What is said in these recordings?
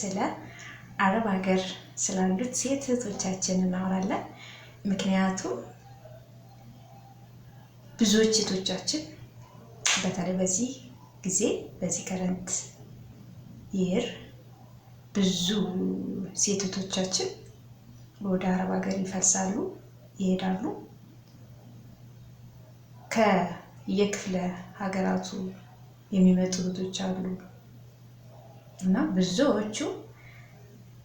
ስለ አረብ ሀገር ስላሉት ሴት እህቶቻችን እናወራለን። ምክንያቱም ብዙዎች ሴቶቻችን በተለይ በዚህ ጊዜ በዚህ ከረንት ይር ብዙ ሴቶቻችን ወደ አረብ ሀገር ይፈልሳሉ፣ ይሄዳሉ። ከየክፍለ ሀገራቱ የሚመጡ እህቶች አሉ። እና ብዙዎቹ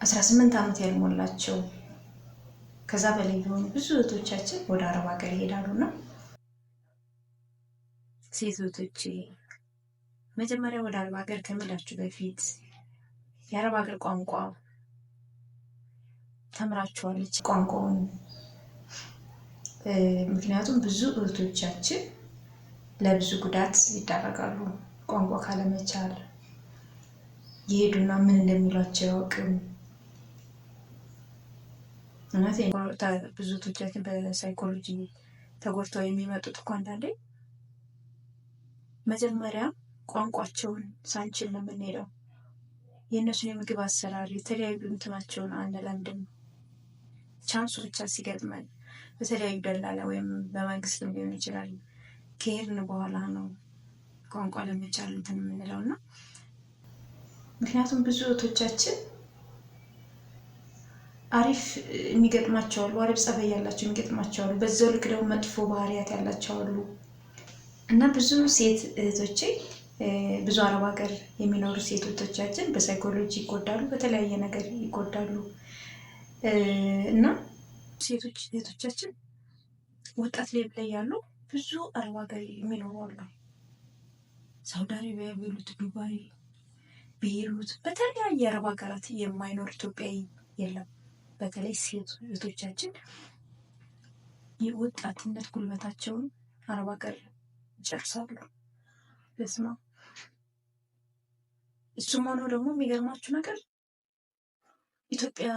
18 ዓመት ያልሞላቸው ከዛ በላይ የሆኑ ብዙ እህቶቻችን ወደ አረብ ሀገር ይሄዳሉ ሴት እህቶቼ መጀመሪያ ወደ አረብ ሀገር ከመሄዳችሁ በፊት የአረብ ሀገር ቋንቋ ተምራችኋለች ቋንቋውን። ምክንያቱም ብዙ እህቶቻችን ለብዙ ጉዳት ይዳረጋሉ ቋንቋ ካለመቻል የሄዱና ምን እንደሚሏቸው ያውቅም። ብዙ ቶቻችን በሳይኮሎጂ ተጎድተው የሚመጡት እኮ አንዳንዴ መጀመሪያ ቋንቋቸውን ሳንችል ነው የምንሄደው። የእነሱን የምግብ አሰራር የተለያዩ እንትናቸውን አንለምድም። ቻንሱ ብቻ ሲገጥመን በተለያዩ ደላላ ወይም በመንግስትም ሊሆን ይችላል ከሄድን በኋላ ነው ቋንቋ ለመቻል እንትን የምንለው እና ምክንያቱም ብዙ እህቶቻችን አሪፍ የሚገጥማቸው አሉ፣ አሪፍ ጸባይ ያላቸው የሚገጥማቸው አሉ። በዛው ልክ ደግሞ መጥፎ ባህሪያት ያላቸው አሉ እና ብዙ ሴት እህቶቼ ብዙ አረብ ሀገር የሚኖሩ ሴት እህቶቻችን በሳይኮሎጂ ይጎዳሉ፣ በተለያየ ነገር ይጎዳሉ እና ሴቶች እህቶቻችን ወጣት ላይ ላይ ያሉ ብዙ አረብ ሀገር የሚኖሩ አሉ። ሳውዲ አረቢያ፣ ቤሩት፣ ዱባይ ቤይሩት፣ በተለያየ የአረብ ሀገራት የማይኖር ኢትዮጵያዊ የለም። በተለይ ሴት እህቶቻችን የወጣትነት ጉልበታቸውን አረብ ሀገር ይጨርሳሉ። ስማ እሱም ሆኖ ደግሞ የሚገርማችሁ ነገር ኢትዮጵያ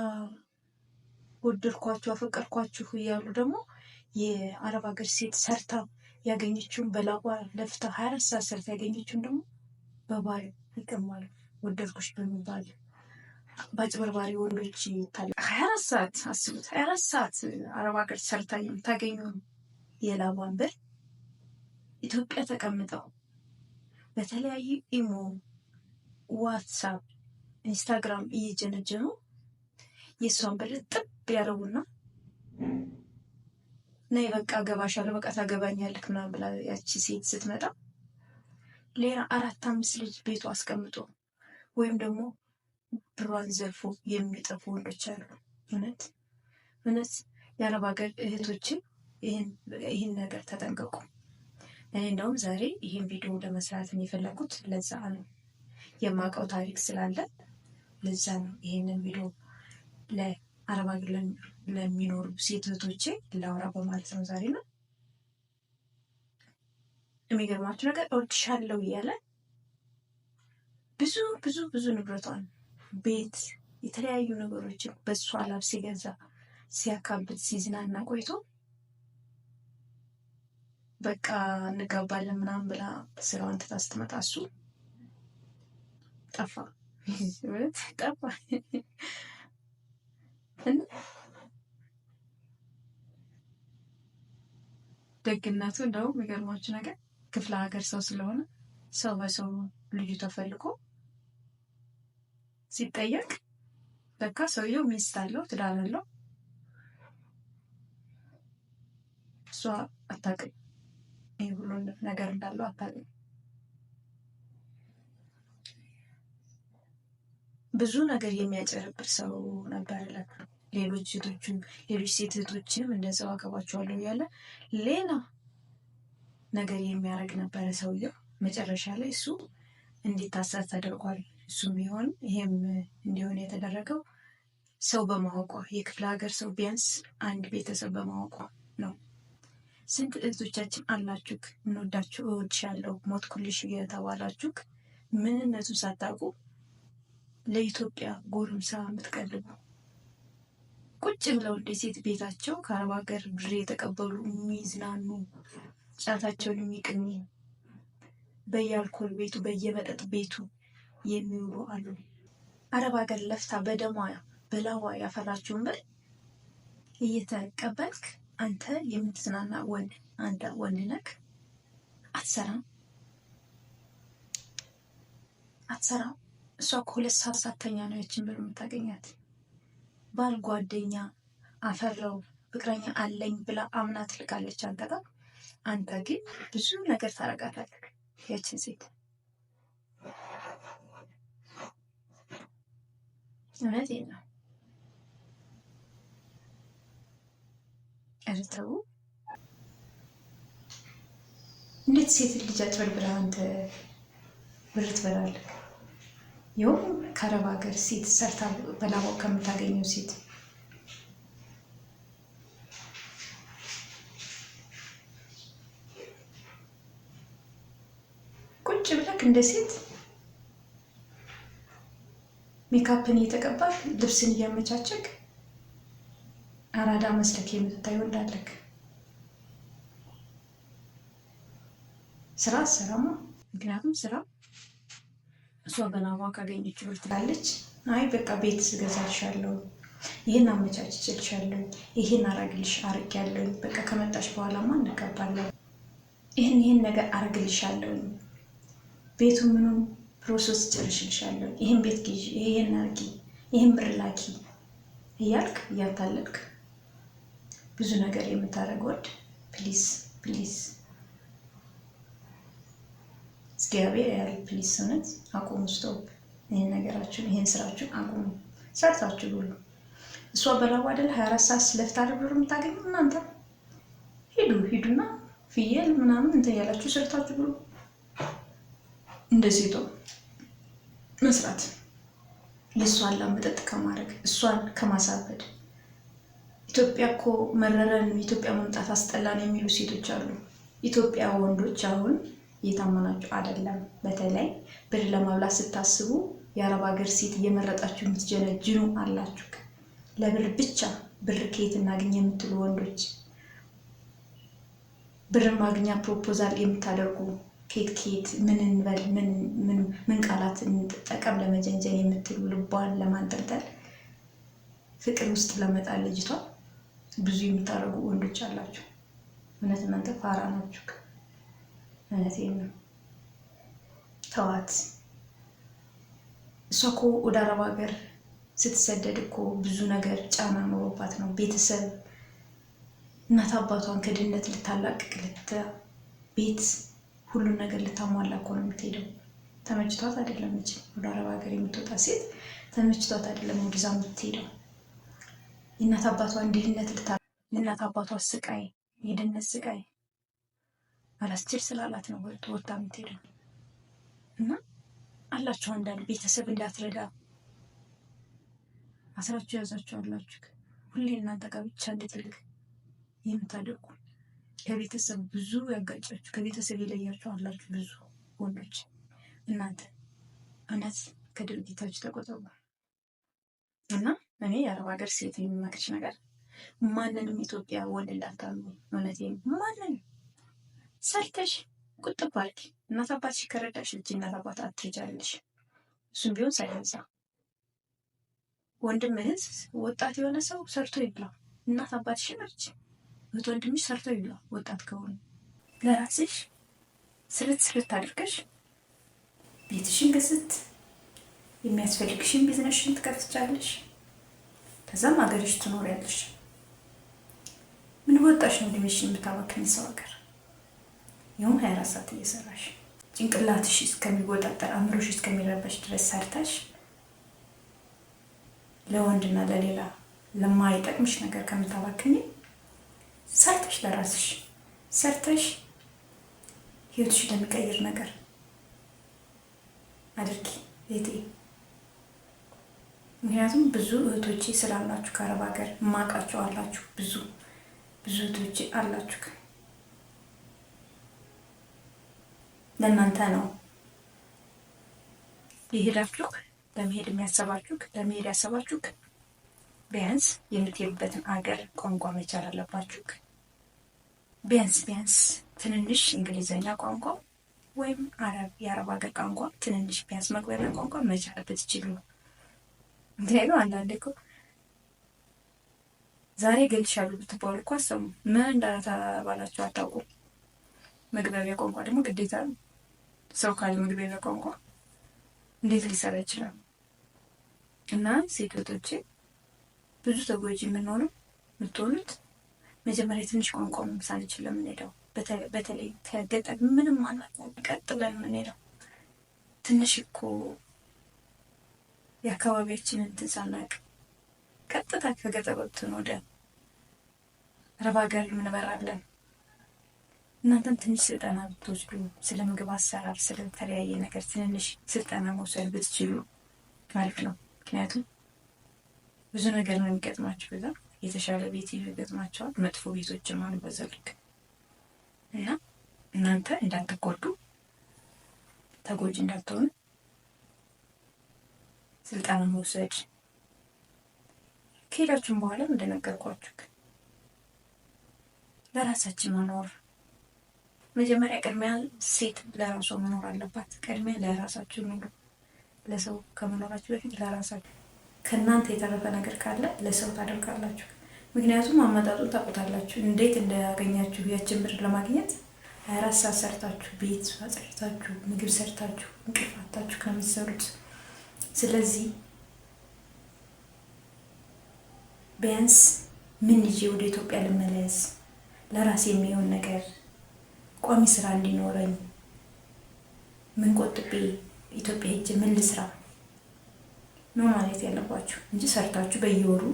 ወደድኳችሁ አፈቀርኳችሁ እያሉ ደግሞ የአረብ ሀገር ሴት ሰርታ ያገኘችውን በላቧ ለፍታ ሀያ አራት ሰዓት ሰርታ ያገኘችውን ደግሞ በባል ይቀማሉ። ወደድኩሽ በሚባል በአጭበርባሪ ወንዶች ይታል። ሀያ አራት ሰዓት አስቡት፣ ሀያ አራት ሰዓት አረብ ሀገር ሰርታ የምታገኙ የላቧን ብር ኢትዮጵያ ተቀምጠው በተለያዩ ኢሞ፣ ዋትሳፕ፣ ኢንስታግራም እየጀነጀኑ የእሷን ብር ጥብ ያደረጉና ናይ በቃ ገባሻለሁ፣ በቃ ታገባኛለህ ምናምን ብላ ያቺ ሴት ስትመጣ ሌላ አራት አምስት ልጅ ቤቱ አስቀምጦ ወይም ደግሞ ብሯን ዘርፎ የሚጠፉ ወንዶች አሉ። እውነት እውነት የአረብ ሀገር እህቶችን ይህን ነገር ተጠንቀቁ። እኔ እንደውም ዛሬ ይህን ቪዲዮ ለመስራት የፈለጉት ለዛ ነው የማውቀው ታሪክ ስላለ ለዛ ነው ይህንን ቪዲዮ ለአረብ ሀገር ለሚኖሩ ሴት እህቶቼ ለአውራ በማለት ነው ዛሬ ነው። የሚገርማችሁ ነገር እወድሻለሁ እያለን ብዙ ብዙ ብዙ ንብረቷን ቤት፣ የተለያዩ ነገሮችን በእሷ ላብ ሲገዛ ሲያካብት ሲዝናና ቆይቶ በቃ እንጋባለን ምናምን ብላ ስራዋን ትታ ስትመጣ እሱ ጠፋ ጠፋ። ደግነቱ እንደውም የሚገርማችሁ ነገር ክፍለ ሀገር ሰው ስለሆነ ሰው በሰው ልዩ ተፈልጎ ሲጠየቅ ለካ ሰውየው ሚስት አለው ትዳር አለው። እሷ አታውቅም፣ ይህ ሁሉ ነገር እንዳለው አታውቅም። ብዙ ነገር የሚያጨርብር ሰው ነበር። ለካ ሌሎች ሴቶችም ሌሎች ሴት እህቶችንም እንደዛው አገባቸዋለሁ እያለ ሌላ ነገር የሚያደርግ ነበረ ሰውየው። መጨረሻ ላይ እሱ እንዲታሰር ተደርጓል። እሱም ይሆን ይሄም እንዲሆን የተደረገው ሰው በማወቋ የክፍለ ሀገር ሰው ቢያንስ አንድ ቤተሰብ በማወቋ ነው። ስንት እህቶቻችን አላችሁ እንወዳችሁ፣ እወድሻለሁ፣ ሞትኩልሽ የተባላችሁ ምንነቱን ሳታውቁ ለኢትዮጵያ ጎርምሳ የምትቀልቡ ቁጭ ብለው እንደ ሴት ቤታቸው ከአረብ ሀገር ብር የተቀበሉ የሚዝናኑ ጫታቸውን የሚቅሙ በየአልኮል ቤቱ በየመጠጥ ቤቱ የሚውሉ አሉ። አረብ ሀገር ለፍታ በደሟ በላቧ ያፈራችውን ብር እየተቀበልክ አንተ የምትዝናና ወንድ አንተ ወንድ ነክ አትሰራም አትሰራም። እሷ ከሁለት ሰዓት ሳተኛ ነው ያችን ብር የምታገኛት። ባል ጓደኛ አፈረው ፍቅረኛ አለኝ ብላ አምና ትልካለች አንተ ጋር። አንተ ግን ብዙ ነገር ታረጋታለህ ያችን ሴት እውነት ነው ኧረ ተው እንዴት ሴት ልጅ አጭበርብረህ አንተ ብር ትበላለህ? ይኸውም ከአረብ ሀገር ሴት ሰርታ በላባው ከምታገኘው ሴት ቁጭ ብለክ እንደ ሴት ሜካፕን እየተቀባህ ልብስን እያመቻቸክ አራዳ መስለክ የምትታይ ወንድ አለክ። ስራ አትሰራማ። ምክንያቱም ስራ እሷ በናባ ካገኘች ብር ትላለች። አይ በቃ ቤት ስገዛልሻለሁ፣ ይህን አመቻችችልሻለሁ፣ ይህን አረግልሽ አርጊያለሁኝ፣ በቃ ከመጣሽ በኋላማ እንቀባለን፣ ይህን ይህን ነገር አረግልሻለሁኝ ቤቱ ምኑን ፕሮሰስ ጨርሽልሻለሁ፣ ይህን ቤት ግዢ፣ ይህን አርጊ፣ ይህን ብር ላኪ እያልክ እያታለልክ ብዙ ነገር የምታደርግ ወድ ፕሊስ ፕሊስ እግዚአብሔር ያለ ፕሊስ እውነት አቁሙ። ስቶፕ ይህን ነገራችሁን ይህን ስራችሁን አቁሙ። ሰርታችሁ ብሉ። እሷ በላቡ አይደል ሀያ አራት ሰዓት ስለፍታ ብር የምታገኙ እናንተ ሂዱ ሂዱና ፍየል ምናምን እንትን ያላችሁ ሰርታችሁ ብሎ እንደ ሴቶ መስራት የእሷን ላም መጠጥ ከማድረግ እሷን ከማሳበድ ኢትዮጵያ እኮ መረረን፣ ኢትዮጵያ መምጣት አስጠላን የሚሉ ሴቶች አሉ። ኢትዮጵያ ወንዶች አሁን እየታመናችሁ አይደለም። በተለይ ብር ለማብላት ስታስቡ የአረብ ሀገር ሴት እየመረጣችሁ የምትጀነጅኑ አላችሁ። ለብር ብቻ ብር ከየት እናገኝ የምትሉ ወንዶች፣ ብር ማግኛ ፕሮፖዛል የምታደርጉ ኬት ኬት ምን እንበል ምን ቃላት እንጠቀም ለመጀንጀን የምትሉ ልቧን ለማንጠልጠል ፍቅር ውስጥ ለመጣል ልጅቷ ብዙ የምታደርጉ ወንዶች አላችሁ። እውነት እናንተ ፋራ ናችሁ። እውነቴን ነው። ተዋት። እሷ እኮ ወደ አረብ ሀገር ስትሰደድ እኮ ብዙ ነገር ጫና ኖሮባት ነው። ቤተሰብ እናት አባቷን ከድህነት ልታላቅቅ ልታ ቤት ሁሉን ነገር ልታሟላ እኮ ነው የምትሄደው። ተመችቷት አይደለም እች ወደ አረብ ሀገር የምትወጣ ሴት ተመችቷት አይደለም ወደዛ የምትሄደው። የእናት አባቷን ድህነት ልታ የእናት አባቷ ስቃይ፣ የድህነት ስቃይ አላስችል ስላላት ነው ወጣ የምትሄደው እና አላችሁ አንዳንድ ቤተሰብ እንዳትረዳ አስራችሁ ያዛችሁ አላችሁ። ሁሌ እናንተ ጋር ብቻ እንድትልቅ የምታደርጉ ከቤተሰብ ብዙ ያጋጫችሁ ከቤተሰብ የለያችሁ አላችሁ ብዙ ወንዶች እናንተ እውነት ከድርጊታችሁ ተቆጠቡ። እና እኔ የአረብ ሀገር ሴት የሚመክርሽ ነገር ማንንም ኢትዮጵያ ወንድ እንዳታሉ። እውነት ማንን ሰርተሽ ቁጥብ ባልክ እናት አባትሽ ከረዳሽ ልጅ እናት አባት አትርጃለሽ። እሱም ቢሆን ሳይበዛ ወንድም ህዝ ወጣት የሆነ ሰው ሰርቶ ይብላ። እናት አባትሽን እርጅ እህት ወንድምሽ ሰርተው ይብላ ወጣት ከሆኑ ለራስሽ ስልት ስልት አድርገሽ ቤትሽን ግስት የሚያስፈልግሽን ቢዝነስሽን ትከፍትቻለሽ። ከዛም ሀገርሽ ትኖሪያለሽ። ምን በወጣሽ ነው እድሜሽን የምታባክኝ ሰው ሀገር ይሁን ሀያ አራት ሰዓት እየሰራሽ ጭንቅላትሽ እስከሚወጣጠር አእምሮሽ እስከሚረበሽ ድረስ ሰርተሽ ለወንድና ለሌላ ለማይጠቅምሽ ነገር ከምታባክኝ ሰርተሽ ለራስሽ ሰርተሽ ህይወትሽ ለሚቀይር ነገር አድርጊ ቤቴ። ምክንያቱም ብዙ እህቶቼ ስላላችሁ ከአረብ ሀገር ማቃቸው አላችሁ፣ ብዙ ብዙ እህቶቼ አላችሁ። ለእናንተ ነው ይሄዳችሁ ለመሄድ የሚያሰባችሁ ለመሄድ ያሰባችሁ ቢያንስ የምትሄዱበትን አገር ቋንቋ መቻል አለባችሁ። ቢያንስ ቢያንስ ትንንሽ እንግሊዝኛ ቋንቋ ወይም አረብ የአረብ ሀገር ቋንቋ ትንንሽ ቢያንስ መግባቢያ ቋንቋ መቻል ብትችሉ ነው። አንዳንድ እኮ ዛሬ ገልሻሉ ብትባሉ እኮ አሰሙ ምን እንዳተባላችሁ አታውቁ። መግባቢያ ቋንቋ ደግሞ ግዴታ ነው። ሰው ካለ መግባቢያ ቋንቋ እንዴት ሊሰራ ይችላል? እና ሴቶቶቼ ብዙ ተጎጂ የምንሆነው የምትሆኑት መጀመሪያ ትንሽ ቋንቋ መምሳል ይችል ለምንሄደው በተለይ ከገጠር ምንም አናት ቀጥ የምንሄደው ትንሽ እኮ የአካባቢያችንን እንትን ሳናቅ ቀጥታ ከገጠር ወጥተን ወደ ረባ ሀገር እንበራለን። እናንተም ትንሽ ስልጠና ብትወስዱ ስለ ምግብ አሰራር፣ ስለተለያየ ነገር ትንንሽ ስልጠና መውሰድ ብትችሉ ማለት ነው። ምክንያቱም ብዙ ነገር ነው የሚገጥማቸው። በዛ የተሻለ ቤት ይገጥማቸዋል። መጥፎ ቤቶች ማን በዘልክ እና እናንተ እንዳትጎዱ ተጎጂ እንዳትሆኑ ስልጠና መውሰድ ከሄዳችሁም በኋላ እንደነገርኳችሁ ለራሳችን መኖር መጀመሪያ ቅድሚያ ሴት ለራሷ መኖር አለባት። ቅድሚያ ለራሳችሁ ኑሩ። ለሰው ከመኖራችሁ በፊት ለራሳችሁ ከእናንተ የተረፈ ነገር ካለ ለሰው ታደርጋላችሁ። ምክንያቱም አመጣጡን ታውቁታላችሁ፣ እንዴት እንዳገኛችሁ ያችን ብር ለማግኘት ሀያ አራት ሰዓት ሰርታችሁ ቤት አጽድታችሁ ምግብ ሰርታችሁ እንቅልፍ ከምሰሩት ከምትሰሩት ስለዚህ ቢያንስ ምን ይዤ ወደ ኢትዮጵያ ልመለስ፣ ለራሴ የሚሆን ነገር ቋሚ ስራ እንዲኖረኝ ምን ቆጥቤ ኢትዮጵያ ሄጄ ምን ልስራ ነው ማለት ያለባችሁ እንጂ ሰርታችሁ በየወሩ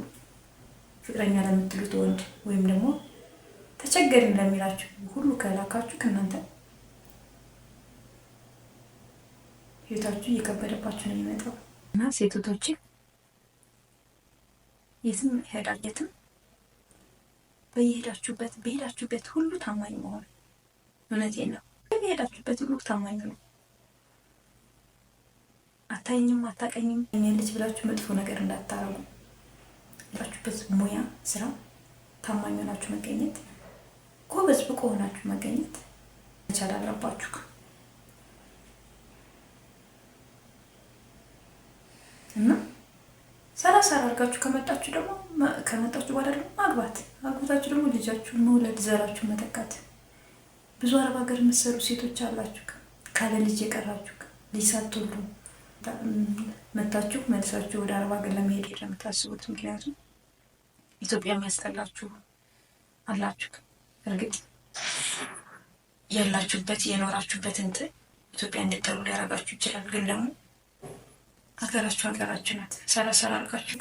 ፍቅረኛ ለምትሉት ወንድ ወይም ደግሞ ተቸገሪ ለሚላችሁ ሁሉ ከላካችሁ ከእናንተ ህይወታችሁ እየከበደባችሁ ነው የሚመጣው እና ሴቶቶች የትም ይሄዳል የትም በየሄዳችሁበት በሄዳችሁበት ሁሉ ታማኝ መሆን እውነቴን ነው። በሄዳችሁበት ሁሉ ታማኝ ነው። አታይኝም አታቀኝም ልጅ ብላችሁ መጥፎ ነገር እንዳታረጉ። ባችሁበት ሙያ ስራ ታማኝ ሆናችሁ መገኘት፣ ጎበዝ ብቆ ሆናችሁ መገኘት መቻል አለባችሁ። እና ሰራ ሰራ አድርጋችሁ ከመጣችሁ ደግሞ ከመጣችሁ በኋላ ደግሞ ማግባት አግብታችሁ ደግሞ ልጃችሁ መውለድ ዘራችሁ መተካት። ብዙ አረብ ሀገር የምትሰሩ ሴቶች አላችሁ፣ ካለ ልጅ የቀራችሁ ልጅ ሳትወልዱ መታችሁ መልሳችሁ ወደ አረብ ሀገር ለመሄድ ለምታስቡት ምክንያቱም ኢትዮጵያ የሚያስጠላችሁ አላችሁ። እርግጥ ያላችሁበት የኖራችሁበት እንትን ኢትዮጵያ እንድጠሉ ሊያረጋችሁ ይችላል። ግን ደግሞ ሀገራችሁ ሀገራችሁ ናት። ሰራ ሰራ አድርጋችሁ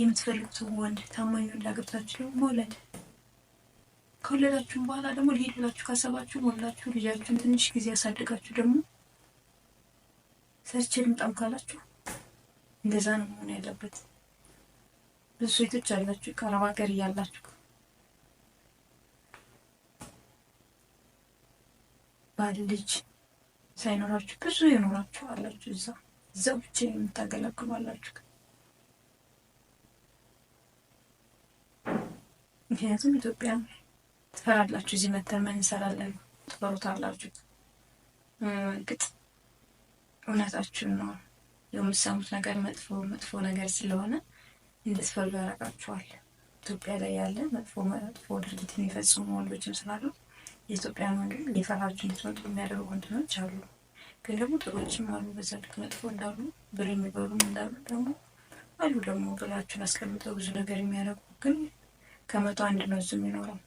የምትፈልጉት ወንድ ታማኝ ወንድ አግብታችሁ ደግሞ መውለድ ከወለዳችሁም በኋላ ደግሞ ልሄድ ብላችሁ ካሰባችሁ ወላችሁ ልጃችሁን ትንሽ ጊዜ ያሳድጋችሁ ደግሞ ሰርቼ ልምጣም ካላችሁ እንደዛ ነው መሆን ያለበት። ብዙ ሴቶች አላችሁ ከአረብ ሀገር እያላችሁ ባል ልጅ ሳይኖራችሁ ብዙ የኖራችሁ አላችሁ። እዛ እዛ ብቻ የምታገለግሉ አላችሁ። ምክንያቱም ኢትዮጵያ ትፈራላችሁ። እዚህ መተመን እንሰራለን አላችሁ እርግጥ እውነታችን ነው የምትሰሙት ነገር መጥፎ መጥፎ ነገር ስለሆነ እንድትፈሩ ያረጋችኋል። ኢትዮጵያ ላይ ያለ መጥፎ መጥፎ ድርጊት የሚፈጽሙ ወንዶችም ስላሉ የኢትዮጵያን ወንድ ሊፈራችሁ እንድትመጡ የሚያደርጉ ወንድኖች አሉ። ግን ደግሞ ጥሮችም አሉ። በዛ ልክ መጥፎ እንዳሉ ብር የሚበሉም እንዳሉ ደግሞ አሉ። ደግሞ ብላችሁን አስቀምጠው ብዙ ነገር የሚያደርጉ ግን ከመቶ አንድ ነው እዚህ የሚኖረው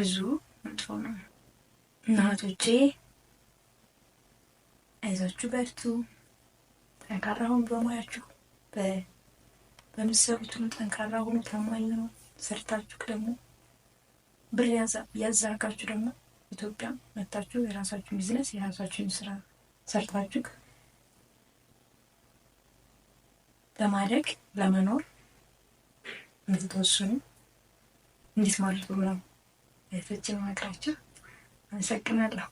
ብዙ መጥፎ ነው እናቶቼ። አይዟችሁ፣ በርቱ፣ ጠንካራ ሁኑ። በሙያችሁ በምትሰሩት ሁሉ ጠንካራ ሁኑ፣ ታማኝ ነው። ሰርታችሁ ደግሞ ብር ያዘረጋችሁ ደግሞ ኢትዮጵያ መታችሁ የራሳችሁን ቢዝነስ የራሳችሁን ስራ ሰርታችሁ ለማደግ ለመኖር እንድትወስኑ እንድትመርጡ ነው እህቶችን መክራችሁ። አመሰግናለሁ።